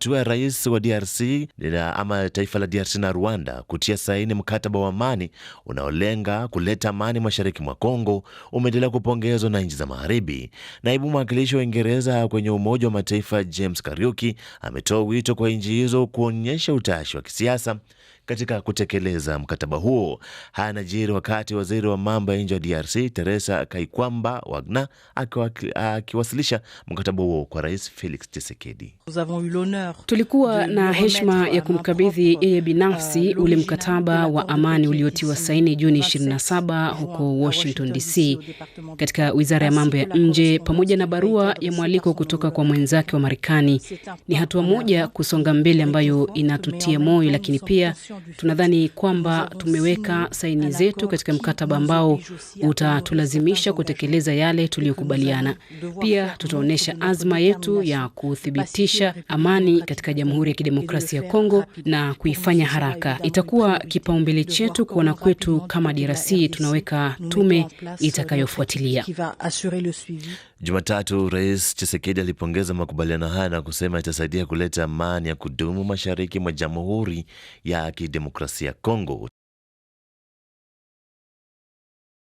Hatua ya rais wa DRC ama taifa la DRC na Rwanda kutia saini mkataba wa amani unaolenga kuleta amani mashariki mwa Kongo umeendelea kupongezwa na nchi za magharibi. Naibu mwakilishi wa Uingereza kwenye Umoja wa Mataifa James Kariuki ametoa wito kwa nchi hizo kuonyesha utashi wa kisiasa katika kutekeleza mkataba huo. Haya yanajiri wakati waziri wa mambo ya nje wa DRC Teresa Kaikwamba Wagner akiwasilisha mkataba huo kwa Rais Felix Tshisekedi. Tulikuwa na heshima ya kumkabidhi yeye binafsi euh, ule mkataba wa amani uliotiwa saini Juni 27 huko Washington DC, katika wizara ya mambo ya nje, pamoja na barua ya mwaliko kutoka kwa mwenzake wa Marekani. Ni hatua moja kusonga mbele ambayo inatutia moyo, lakini pia Tunadhani kwamba tumeweka saini zetu katika mkataba ambao utatulazimisha kutekeleza yale tuliyokubaliana. Pia tutaonyesha azma yetu ya kuthibitisha amani katika Jamhuri ya Kidemokrasia ya Kongo na kuifanya haraka. Itakuwa kipaumbele chetu kuona kwetu kama DRC tunaweka tume itakayofuatilia. Jumatatu, Rais chisekedi alipongeza makubaliano haya na kusema itasaidia kuleta amani ya kudumu mashariki mwa Jamhuri ya kidemokrasia ya Kongo.